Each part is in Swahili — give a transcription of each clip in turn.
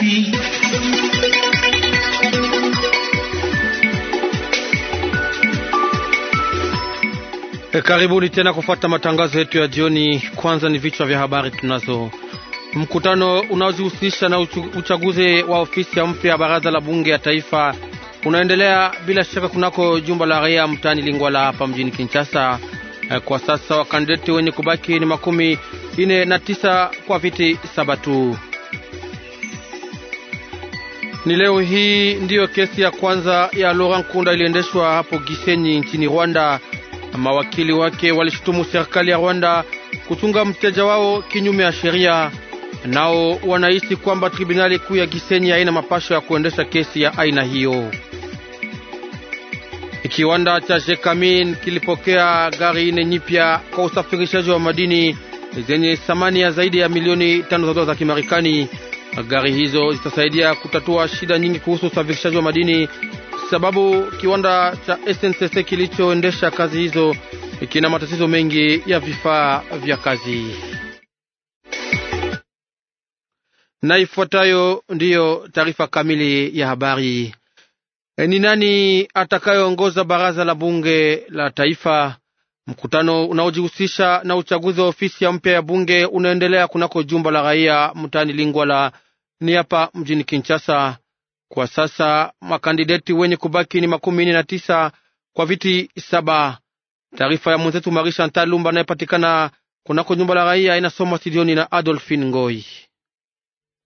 Okapi. E, karibuni tena kufuata matangazo yetu ya jioni. Kwanza ni vichwa vya habari tunazo. Mkutano unaojihusisha na uchaguzi wa ofisi ya mpya ya baraza la bunge ya taifa unaendelea bila shaka kunako jumba la raia mtaani Lingwala hapa mjini Kinshasa. E, kwa sasa wakandideti wenye kubaki ni makumi ine na tisa kwa viti saba tu. Ni leo hii ndiyo kesi ya kwanza ya Laurent Kunda iliendeshwa hapo Gisenyi nchini Rwanda. Mawakili wake walishutumu serikali ya Rwanda kuchunga mteja wao kinyume ya sheria. Nao wanahisi kwamba tribunali kuu ya Gisenyi haina mapasho ya kuendesha kesi ya aina hiyo. Kiwanda cha Jekamin kilipokea gari ine nyipya kwa usafirishaji wa madini zenye thamani ya zaidi ya milioni tano za dola za Kimarekani. Gari hizo zitasaidia kutatua shida nyingi kuhusu usafirishaji wa madini, sababu kiwanda cha SNCC kilichoendesha kazi hizo kina matatizo mengi ya vifaa vya kazi. Na ifuatayo ndiyo taarifa kamili ya habari. Ni nani atakayeongoza baraza la bunge la taifa? Mkutano unaojihusisha na uchaguzi wa ofisi ya mpya ya bunge unaendelea kunako jumba la raia mtaani Lingwala ni hapa mjini Kinshasa. Kwa sasa makandideti wenye kubaki ni makumi nne na tisa kwa viti saba. Taarifa ya mwenzetu Marisha Ntalumba anayepatikana kunako jumba la raia inasomwa studioni na Adolfin Ngoi.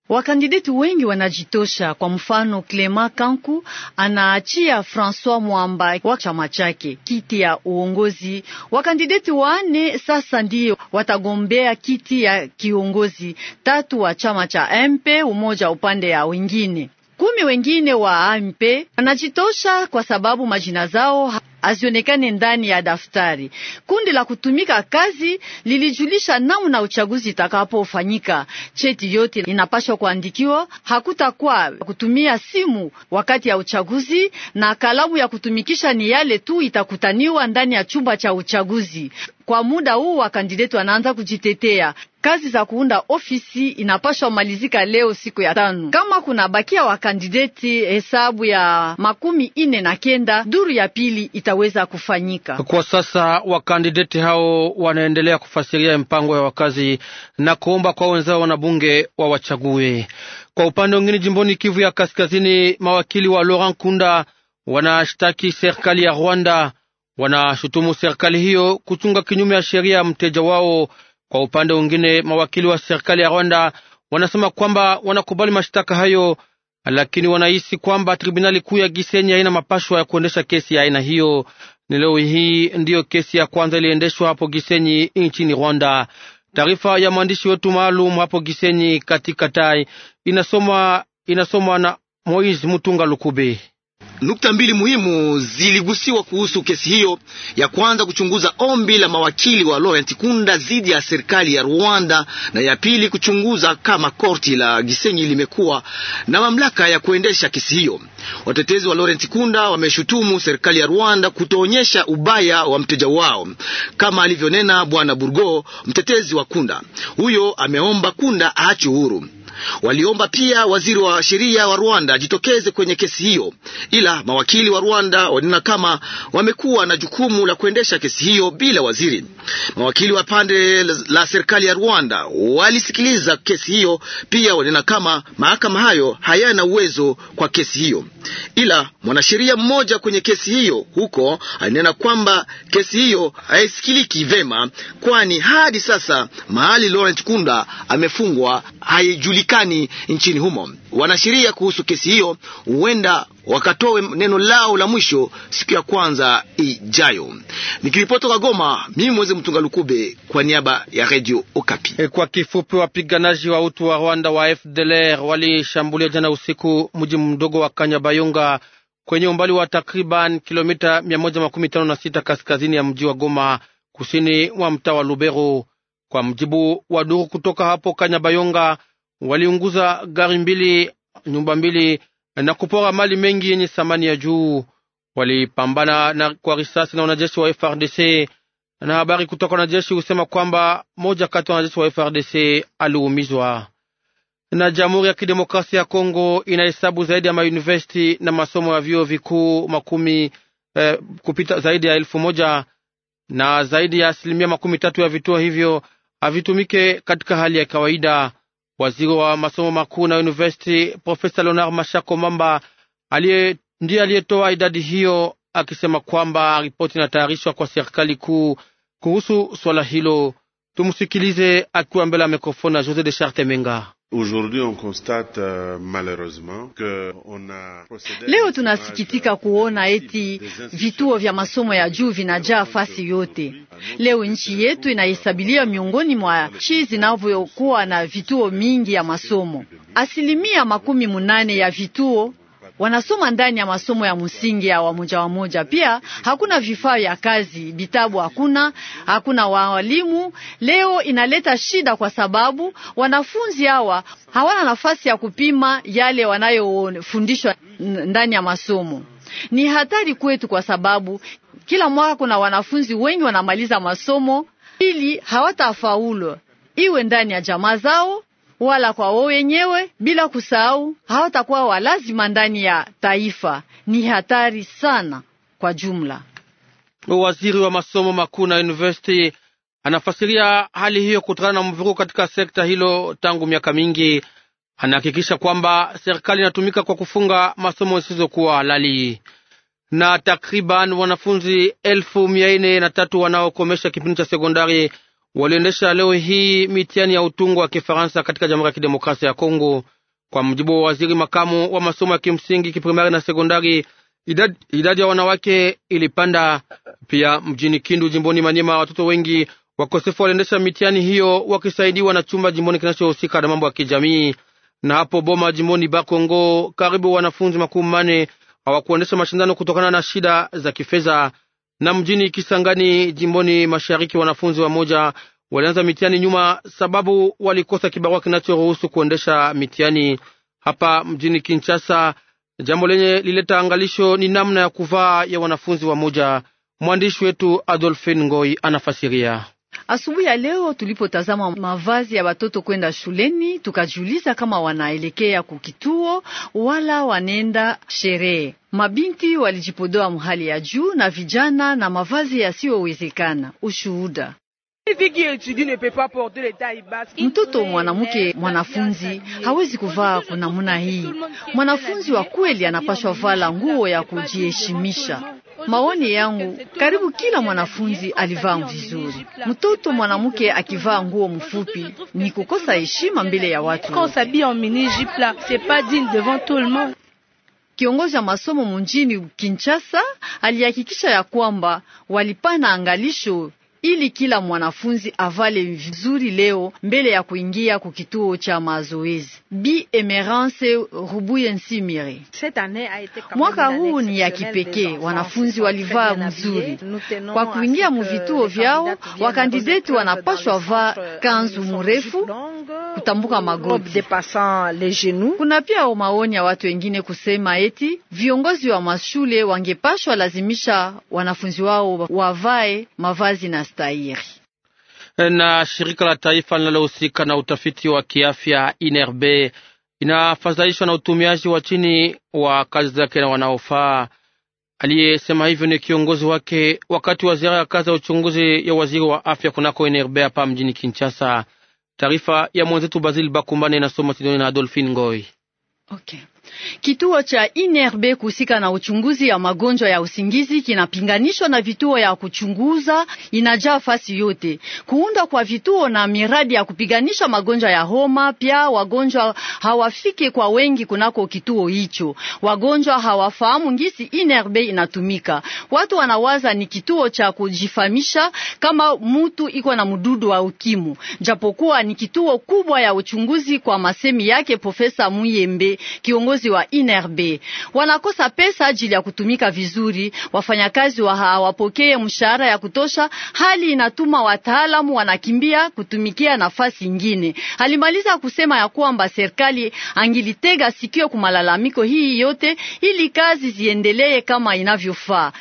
Wakandideti wengi wanajitosha. Kwa mfano, Clema Kanku anaachia Francois Mwamba wa chama chake kiti ya uongozi. Wakandideti wane sasa ndio watagombea kiti ya kiongozi, tatu wa chama cha MP umoja upande ya wengine Kumi wengine wa amp wanajitosha kwa sababu majina zao hazionekane ndani ya daftari. Kundi la kutumika kazi lilijulisha namna uchaguzi itakapofanyika. Cheti yote inapaswa kuandikiwa. Hakutakuwa kutumia simu wakati ya uchaguzi, na kalamu ya kutumikisha ni yale tu itakutaniwa ndani ya chumba cha uchaguzi. Kwa muda huu wa kandideti wanaanza kujitetea kazi za kuunda ofisi inapashwa malizika leo siku ya tano. Kama kuna bakia wa kandideti hesabu ya makumi ine na kenda, duru ya pili itaweza kufanyika. Kwa sasa wakandideti hao wanaendelea kufasiria mpango ya wakazi na kuomba kwa wenzao wanabunge wawachague. Kwa upande mwingine, jimboni Kivu ya Kaskazini, mawakili wa Laurent Kunda wanashtaki serikali ya Rwanda, wanashutumu serikali hiyo kuchunga kinyume ya sheria mteja wao kwa upande mwingine, mawakili wa serikali ya Rwanda wanasema kwamba wanakubali mashtaka hayo, lakini wanahisi kwamba tribunali kuu ya Gisenyi haina mapashwa ya kuendesha kesi ya aina hiyo. Ni leo hii ndiyo kesi ya kwanza iliendeshwa hapo Gisenyi nchini Rwanda. Taarifa ya mwandishi wetu maalum hapo Gisenyi katika tai inasomwa inasomwa na Moise Mutunga Lukube. Nukta mbili muhimu ziligusiwa kuhusu kesi hiyo. Ya kwanza kuchunguza ombi la mawakili wa Laurent Kunda dhidi ya serikali ya Rwanda, na ya pili kuchunguza kama korti la Gisenyi limekuwa na mamlaka ya kuendesha kesi hiyo. Watetezi wa Laurent Kunda wameshutumu serikali ya Rwanda kutoonyesha ubaya wa mteja wao, kama alivyonena Bwana Burgo, mtetezi wa Kunda. Huyo ameomba Kunda aache huru. Waliomba pia waziri wa sheria wa Rwanda ajitokeze kwenye kesi hiyo, ila mawakili wa Rwanda wanena kama wamekuwa na jukumu la kuendesha kesi hiyo bila waziri. Mawakili wa pande la serikali ya Rwanda walisikiliza kesi hiyo pia, wanena kama mahakama hayo hayana uwezo kwa kesi hiyo, ila mwanasheria mmoja kwenye kesi hiyo huko anena kwamba kesi hiyo haisikiliki vema, kwani hadi sasa mahali Laurent Kunda amefungwa haijulikani hawajulikani nchini humo. Wanasheria kuhusu kesi hiyo huenda wakatoe neno lao la mwisho siku ya kwanza ijayo. Nikiripoti kwa Goma, mimi Mweze Mtunga Lukube kwa niaba ya Radio Okapi. E, kwa kifupi, wapiganaji wa utu wa Rwanda wa FDLR walishambulia jana usiku mji mdogo wa Kanyabayonga kwenye umbali wa takriban kilomita 156 kaskazini ya mji wa Goma, kusini mwa mtaa wa Lubero, kwa mjibu wa duru kutoka hapo Kanyabayonga waliunguza gari mbili, nyumba mbili na kupora mali mengi yenye thamani ya juu. Walipambana na kwa risasi na wanajeshi wa FRDC, na habari kutoka wanajeshi husema kwamba moja kati ya wanajeshi wa FRDC aliumizwa. Na Jamhuri ya Kidemokrasia ya Kongo inahesabu zaidi ya mayunivesiti na masomo ya vyuo vikuu makumi eh, kupita zaidi ya elfu moja na zaidi ya asilimia makumi tatu ya vituo hivyo havitumike katika hali ya kawaida. Waziri wa masomo makuu na university Profesa Leonard Mashako Mamba alie, ndiye aliyetoa idadi hiyo, akisema kwamba ripoti inatayarishwa kwa serikali kuu kuhusu swala hilo. Tumsikilize akiwa mbele ya mikrofoni na Jose de Charte Menga. Aujourd'hui on constate, uh, malheureusement, que on a... Leo tunasikitika euh, kuona eti vituo vya masomo ya juu vinajaa fasi yote. Leo nchi yetu inahesabilia miongoni mwa nchi zinavyokuwa na vituo mingi ya masomo. Asilimia makumi munane ya vituo wanasoma ndani ya masomo ya msingi ya wamoja wamoja. Pia hakuna vifaa vya kazi, vitabu hakuna, hakuna walimu. Leo inaleta shida, kwa sababu wanafunzi hawa hawana nafasi ya kupima yale wanayofundishwa ndani ya masomo. Ni hatari kwetu, kwa sababu kila mwaka kuna wanafunzi wengi wanamaliza masomo ili hawatafaulu, iwe ndani ya jamaa zao wala kwa wao wenyewe, bila kusahau hawatakuwa walazima ndani ya taifa. Ni hatari sana kwa jumla. Waziri wa masomo makuu na university anafasiria hali hiyo kutokana na mvuruko katika sekta hilo tangu miaka mingi. Anahakikisha kwamba serikali inatumika kwa kufunga masomo zisizokuwa halali na takriban wanafunzi elfu mia nne na tatu wanaokomesha kipindi cha sekondari waliendesha leo hii mitihani ya utungo wa Kifaransa katika Jamhuri ya Kidemokrasia ya Kongo. Kwa mujibu wa waziri makamu wa masomo ya kimsingi, kiprimari na sekondari, idadi, idadi ya wanawake ilipanda. Pia mjini Kindu jimboni Manyema, watoto wengi wakosefu waliendesha mitihani hiyo wakisaidiwa na chumba jimboni kinachohusika na mambo ya kijamii. Na hapo Boma jimboni Bakongo, karibu wanafunzi makumi mane hawakuendesha mashindano kutokana na shida za kifedha na mjini Kisangani jimboni mashariki, wanafunzi wa moja walianza mitihani nyuma sababu walikosa kibarua kinachoruhusu kuendesha mitihani hapa mjini Kinshasa. Jambo lenye lileta angalisho ni namna ya kuvaa ya wanafunzi wa moja Mwandishi wetu adolfin Ngoi anafasiria. Asubuhi ya leo tulipotazama mavazi ya watoto kwenda shuleni, tukajiuliza kama wanaelekea kukituo wala wanaenda sherehe. Mabinti walijipodoa mhali ya juu na vijana na mavazi yasiyowezekana. Ushuhuda Mtoto mwanamke mwanafunzi hawezi kuvaa kuna muna hii. Mwanafunzi wa kweli anapashwa vala nguo ya kujiheshimisha. Maoni yangu karibu kila mwanafunzi alivaa vizuri. Mtoto mwanamke akivaa nguo mfupi ni kukosa heshima mbele ya watu. Kiongozi wa masomo munjini Kinshasa alihakikisha ya kwamba walipana angalisho ili kila mwanafunzi avale vizuri leo mbele ya kuingia kukituo kituo cha mazoezi. Bi Emerance Rubuye Nsimire: mwaka huu ni ya kipekee, wanafunzi walivaa mzuri kwa kuingia muvituo vyao. Wakandideti wanapashwa vaa kanzu euh, mrefu kutambuka magoti. Kuna pia maoni ya watu wengine kusema eti viongozi wa mashule wangepashwa lazimisha wanafunzi wao wavae mavazi na stahiri na shirika la taifa linalohusika na utafiti wa kiafya INRB inafadhaishwa na utumiaji wa chini wa kazi zake na wanaofaa. Aliyesema hivyo ni kiongozi wake wakati wa ziara ya kazi ya uchunguzi ya waziri wa afya kunako INRB hapa mjini Kinshasa. Taarifa ya mwenzetu Basil Bakumbane na Sidoni na Adolfin Ngoi. Okay. Kituo cha INRB e kuhusika na uchunguzi ya magonjwa ya usingizi kinapinganishwa na vituo ya kuchunguza inajaa fasi yote. Kuunda kwa vituo na miradi ya kupiganisha magonjwa ya homa, pia wagonjwa hawafiki kwa wengi kunako kituo hicho. Wagonjwa hawafahamu ngisi INRB e inatumika. Watu wanawaza ni kituo cha kujifamisha kama mtu iko na mdudu wa ukimu, japokuwa ni kituo kubwa ya uchunguzi, kwa masemi yake Profesa Muyembe, kiongozi wafanyakazi wa Inerbe wanakosa pesa ajili ya kutumika vizuri. Wafanyakazi wa hawapokee mshahara ya kutosha, hali inatuma wataalamu wanakimbia kutumikia nafasi ingine. Alimaliza kusema ya kwamba serikali angilitega sikio kumalalamiko hii yote ili kazi ziendelee kama inavyofaa.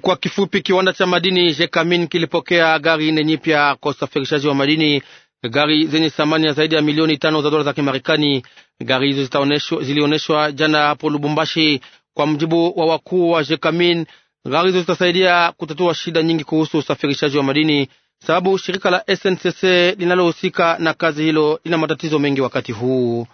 Kwa kifupi, kiwanda cha madini Jekamin kilipokea gari nne nyipya kwa usafirishaji wa madini gari zenye thamani ya zaidi ya milioni tano za dola za Kimarekani. Gari hizo zilionyeshwa jana hapo Lubumbashi kwa mjibu wa wakuu wa Jekamin. Gari hizo zitasaidia kutatua shida nyingi kuhusu usafirishaji wa madini, sababu shirika la SNCC linalohusika na kazi hilo lina matatizo mengi wakati huu.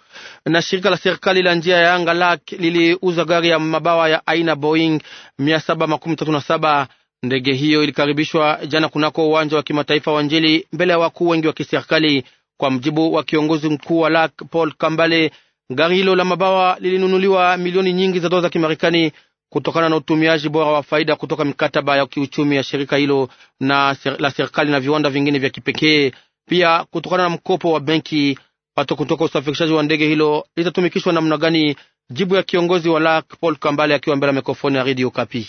Na shirika la serikali la njia ya anga lak liliuza gari ya mabawa ya aina Boeing 737 Ndege hiyo ilikaribishwa jana kunako uwanja wa kimataifa wa Njili mbele ya wakuu wengi wa kiserikali. Kwa mjibu wa kiongozi mkuu wa LAC Paul Kambale, gari hilo la mabawa lilinunuliwa milioni nyingi za dola za Kimarekani kutokana na utumiaji bora wa faida kutoka mikataba ya kiuchumi ya shirika hilo na ser, la serikali na viwanda vingine vya kipekee, pia kutokana na mkopo wa benki. Pato kutoka usafirishaji wa ndege hilo litatumikishwa namna gani? Jibu ya kiongozi wa LAC Paul Kambale akiwa mbele ya mikrofoni ya Radio Kapi.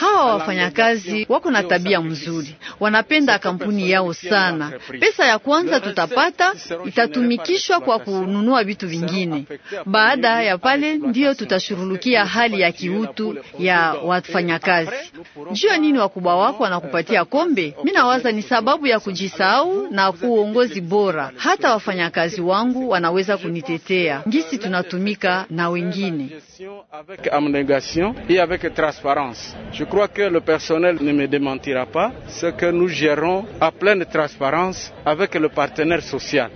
Hawa wafanyakazi wako na tabia mzuri, wanapenda kampuni yao sana. Pesa ya kwanza tutapata itatumikishwa kwa kununua vitu vingine, baada ya pale ndiyo tutashurulukia hali ya kiutu ya wafanyakazi. Juu ya nini wakubwa wako wanakupatia kombe? Mimi nawaza ni sababu ya kujisahau na kuongozi bora. Hata wafanyakazi wangu wanaweza kunitetea ngisi tunatumika na wengine avec abnégation et avec transparence. Je crois que le personnel ne me démentira pas ce que nous gérons à pleine transparence avec le partenaire social.